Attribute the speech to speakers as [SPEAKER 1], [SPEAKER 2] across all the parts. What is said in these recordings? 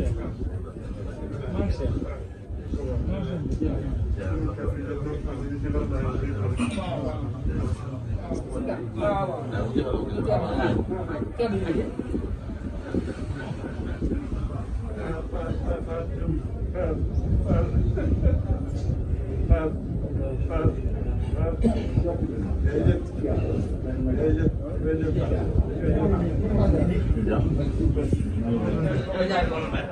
[SPEAKER 1] Gracias.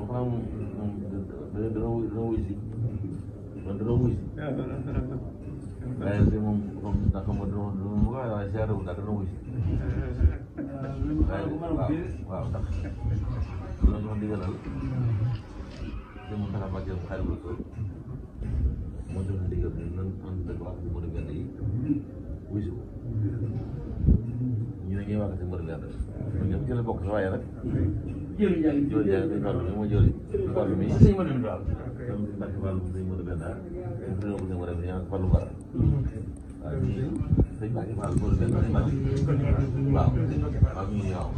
[SPEAKER 2] moom xanaa moom moom dana dana wuy si man dana wuy si waaye si moom moom ndax ma dana dana waaye waaye siyaare wu ndax dana wuy si waaw waaw ndax loolu la ñu wax digalal te mu tax a màggee mu xaar ko moo jox digal bi nan ànd ak waa si mbëri mbedd yi wuy si ko ñu ne ñuy wax si mbëri mbedd ñu ne ci la bokk waaye nag jëriñ jàng jëriñ jàng dañ fàllu rek moo jëriñ fàllu mi mm-hmm. sëñ ma dem daal am di mbàkk fàllu sëñ ma dem daal
[SPEAKER 1] dañ ko sëñ ma dem ñaan fàllu
[SPEAKER 2] bara waaw ñii
[SPEAKER 1] sëñ mbàkk fàllu moo dem daal waaw waaw ñii waaw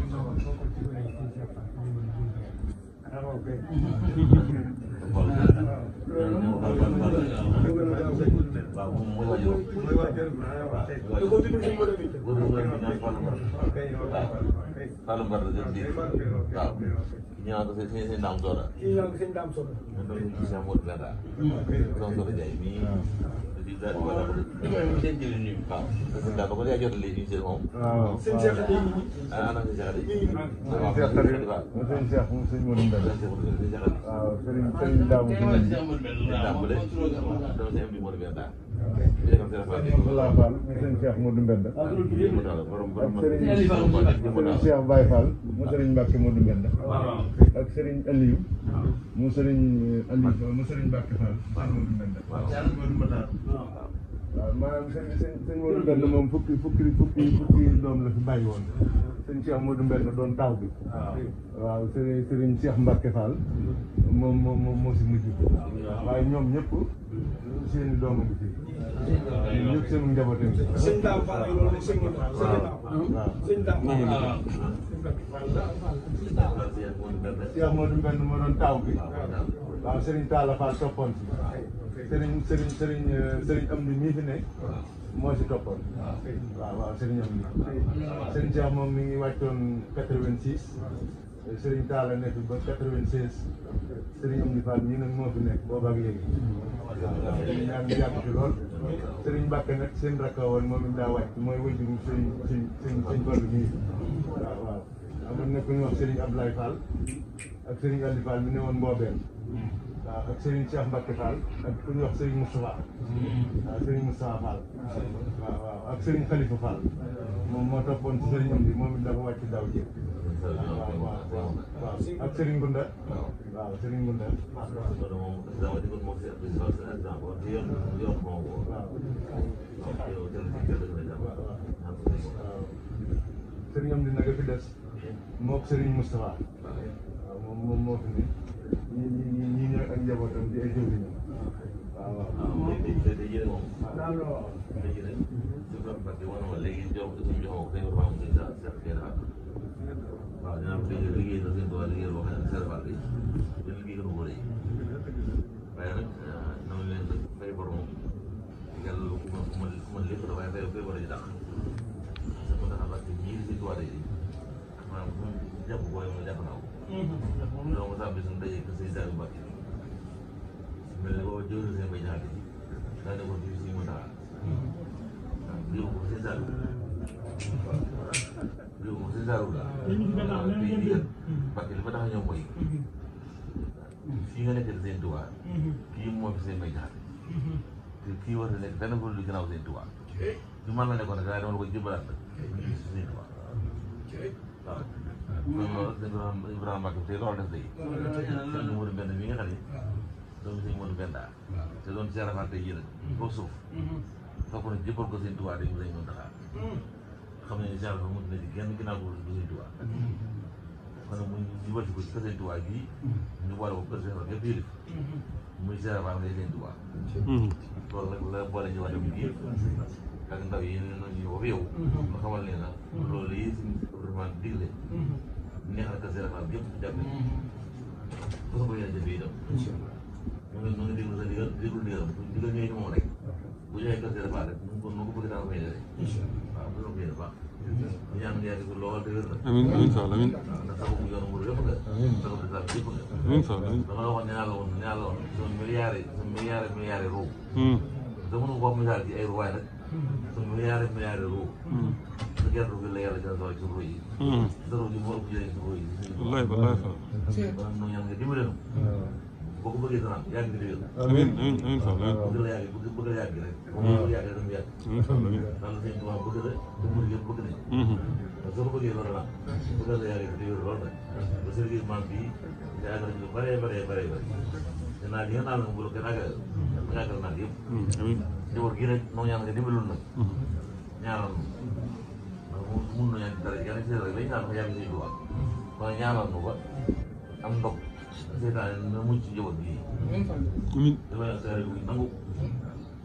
[SPEAKER 1] waaw moom mooy waajur waaw waaw
[SPEAKER 2] Saalum Bada zone dix waaw ñu naan ko sëñ sëñ Dame Soda. ñu naan ko sëñ Dame Soda. ñu doon ñu sëñ Modou Benda. Dame Soda Ndiaye mii. di daal di wala ñu koy seen jëli nuyu. waaw sëñ Dame ko yaa jot léegi ñu sëñ moom. waaw sëñ Cheikh Aliou. ah ana sëñ Cheikh Aliou. waaw sëñ Cheikh Aliou waaw
[SPEAKER 1] sëñ Cheikh moom sëñ Modou Benda. waaw sëñ Cheikh Aliou. waaw sëñ Dame Soda. sëñ Dame
[SPEAKER 2] Soda. Abdoulaye Fall mu sëriñ
[SPEAKER 1] Cheikh Modou Mbenda ak sëriñ Cheikh Baye mu sëriñ Mbacke Modou ak sëriñ mu sëriñ Aliou mu sëriñ Mbacke Fall Modou Mbenda waaw maanaam sëñ sëñ Modou Mbenda moom fukki fukki doon taw bi waaw sëriñ sëriñ Cheikh Mbacke Fall moom moom moo si mujj waaye ñoom ñëpp seen i doom a ngi fi. ñun ñëpp seen njaboot yi. sëñ Dame Fall yi loolu sëñ Dame. waaw sëñ Dame. waaw Cheikh Modou Mbène ma doon taaw bi. waaw Serigne Talla Fall toppoon si. Serigne Serigne Serigne euh, Serigne am na ñii fi ne. moo si toppoon. waaw waaw Serigne am na. Serigne Cheikh moom mi ngi wàccoon quatre-vingt-six. Serigne Talla nekk ba 96 Serigne Amdi Fall ñii nag moo fi nekk booba ak léegi. waaw dañu ñaan yàgg ci lool Serigne Mbacke nag seen rakka woon moom it daa wàcc mooy wëjjuru sëñ sëñ sëñ sëñ Fallu mii waaw waaw. amoon na ku ñuy wax Serigne Abdoulaye Fall ak Serigne Ali Fall mi ne woon Mboobeen waaw ak Serigne Cheikh Mbacke ak ku ñuy wax Serigne Moustapha waaw Serigne Moustapha Fall waaw waaw ak Serigne Khalifa Fall moom moo toppoon ci Serigne Amdi moom it dafa wàcc waaw ak
[SPEAKER 2] Serigne Gunda. waaw Serigne Gunda. waaw loolu moom dama di ko moom si exemple di yor yor moo woo.
[SPEAKER 1] Serigne am di nag fi des. mook Serigne Moustapha. waaw moom moom moo fi ni ñi ñi ñi ñëw ak njabootam di ay jëw di ñëw.
[SPEAKER 2] waaw waaw. léegi léegi waaw dina am liggéey liggéey na seen bopp liggéey boo xam ne cérébral bi yéen liggéey gën a wóoree waaye nag na ma leen fay bor moom yàlla lu ku mën ku mën ku mën lépp la waaye fay fay bor yi dàq parce que dafa laajte ñii di si tuwaat yi maanaam bu mu jàpp booy mu jàpp naa ko. donc saa bi suñu daje kër say saa yu bàcc mel ne boobu jëloon seen bay jaxate daa nekkoon ci si mu daa waaw yóbbu ko say saa yu waaw réew si daaru la day digal barke li ma tax a ñëw mooy fii nga nekkee seen tubaab kii moom fi seen may jaxate te kii war na nekk dana ko lu gannaaw seen tubaab ñu mën la nekkoon nag dama la ko jëmbalaat nag si seen tubaab waaw loolu Ibrahima Mbacke tey loolu def day seen numéro benn bi nga xam ne doomu seen numéro benn daal te doon seerafaat tey yéen a ko suuf fokk na jëppal ko seen tubaab yi mu lay ñëw xam ne Cheikh Ibrahima mënut na ci genn ginnaaw bu Sëriñ Tuubaa kon nag muy jubati ko ci kër Sëriñ Tuubaa bii ñu boole ko kër Sëriñ Tuubaa yëpp yëlif mm-hmm. muy Cheikh Ibrahima ne Sëriñ Tuubaa loolu nag la boole ñu wax dem bii ak ndaw yi ne noonu ñu wax yow mm-hmm. nga xamal ne na mm-hmm. loolu yi vraiment digle neexal kër Sëriñ Tuubaa yëpp jàpp ko ko yéen jëfe itam ñu ngi déglu sa ndigal déglu ndigalam ndigal ñooy moom rek bu ñu waxee kër Ba rek nu ko nu ko bëgg bu doon yéene baax. ñu ñaan nga yàgg lool te nu ko wax milliards yi ay ruu waaye nag. suñu milliards yi milliards yi ruu. su gerte gi nu. boo ko bëggee sonal yàgg di déglu. amiin amiin amiin sax la bëgg la yàgg bëgg bëgg la yàgg rek. moom bëgg yàgg dafa yàgg. daal sëñ Tuubaa bëgg la te mu yëpp bëgg nañ. Mhm. parce que soo ko bëggee loolu la bëgg la yàgg di déglu loolu rek. ba service man bii nga yàgg nañ lu bëree bëree bëree bëri. te naaj yi nga naan bu la gën a àggal nga àggal naaj yëpp. Mhm, amiin njaboot gi nag noo ñaan nga dimbalul nag. Mhm. ñaanal moom mun na ñaan dara yàlla ci rek lañ naan ko yàgg sëñ Tuubaa kon ñaanal nu ba am ndox seytaane na mucc njaboot gi. amiin dafa yor nangu.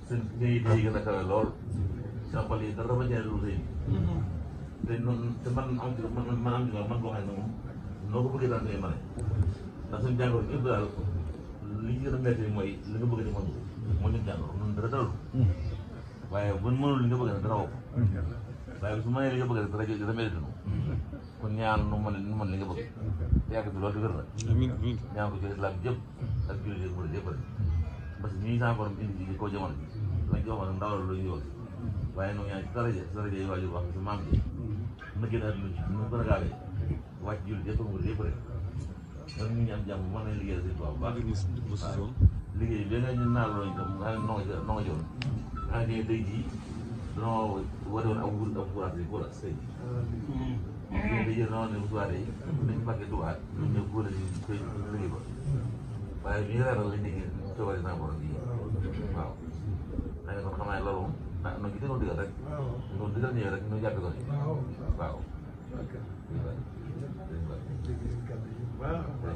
[SPEAKER 2] seen ñooy day a kawe lool. sa xol yi dara ba jaay lu rëy. te man am ci man man am ci man boo xam ne moom noo ko bëggee daan ngay mane. ndax suñu jàngoro yëpp daal li ñu gën a métti mooy li nga bëgg a demoon dara dalul. waaye bu mënul li nga bëgg a dara woo. Mm. waaye su ma nee li nga bëgg a dara kon ñaan nu mën nu mën li nga bëgg yàgg na ñaan ko ci islam jëpp ak jullit yëpp mën a jëppal parce que ñii indi ji koo jamono lañ joxoon ndaw la lu ñu yoon ji a àdduna ci nu gën a gaawee wàcc jullit yëpp mën a jëppal kon ñu am jàmm mën nañ liggéeyal seen tubaab bu baax waaw liggéey bi nga ñu naan ñoom dañuy noonu ne soirée yi. nañu fàgge tubaab. ñu ne góor a ñu koy liggéey ba. waaye ñu leeral lañ déggee coobare naa borom yi waaw. da nga kon xam naa loolu moom ah non gis nga digal rek. ñu digal ñëwee rek ñu jàpp ko si. waaw.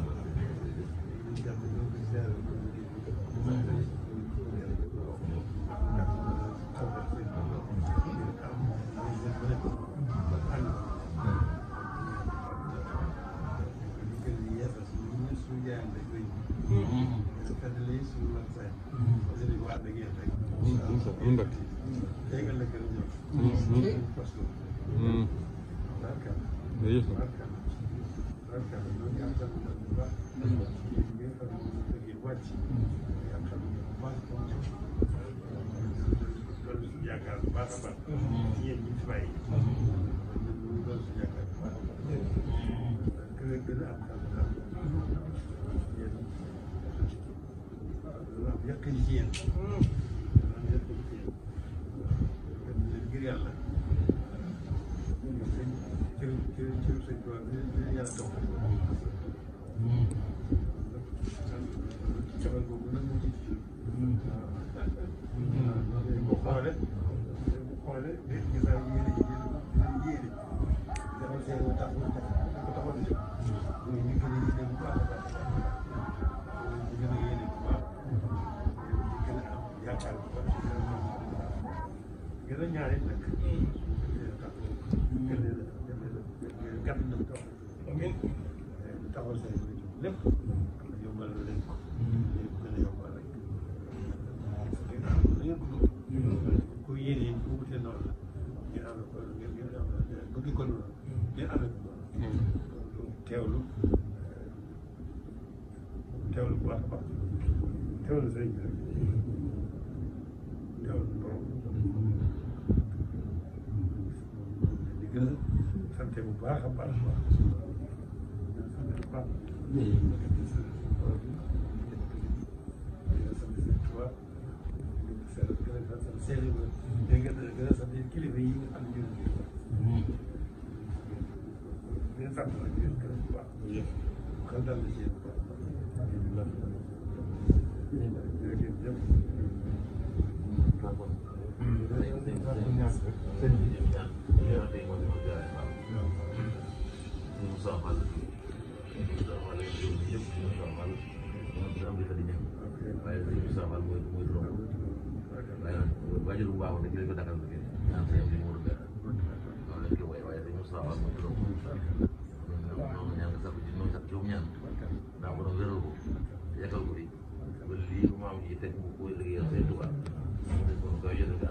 [SPEAKER 1] مم. Değilsin. Yakın diyen. Yakın diyen. Yakın diyen. Yakın diyen. la ñaareel nag. taxaw seen lépp yombal leen ko. gën a yombal rek. ku yéene ku wute noonu la. ngeen ko ngeen amee bëgg ko noonu. ngeen bu baax a baax teewlu sëriñ bi rek. baax a baax a baax sant
[SPEAKER 2] wala ñoom ñëpp ñoom soxal ñoom ñoom dafa di ñëw waaye dañuy soxal mooy mooy trop waaye waajur bu baaxoon rek dinañ ko dakkal liggéey ñaan sa yow li mu war a def loolu lañ ko wéy waaye dañoo soxal mooy trop ñoom ñaan nga sax ci ñoom sax ñoom ñaan ndax borom wéral ko yekkal ko fi ba lii maam yi teg mu koy liggéeyal say tubaab mu ne kon koy jëlee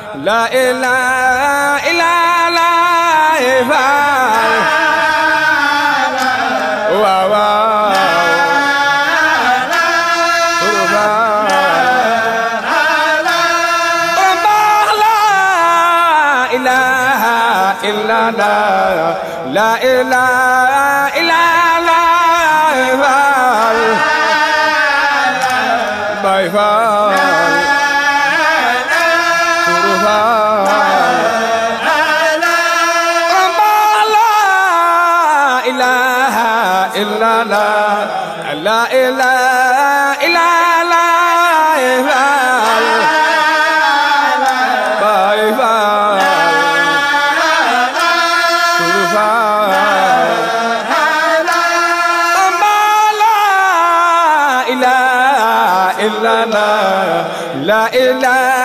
[SPEAKER 2] la ilaha illa Allah wa wa la ilaha إله إلا لا لا إله إلا لا
[SPEAKER 1] باي باي لا
[SPEAKER 2] إله إلا لا لا إله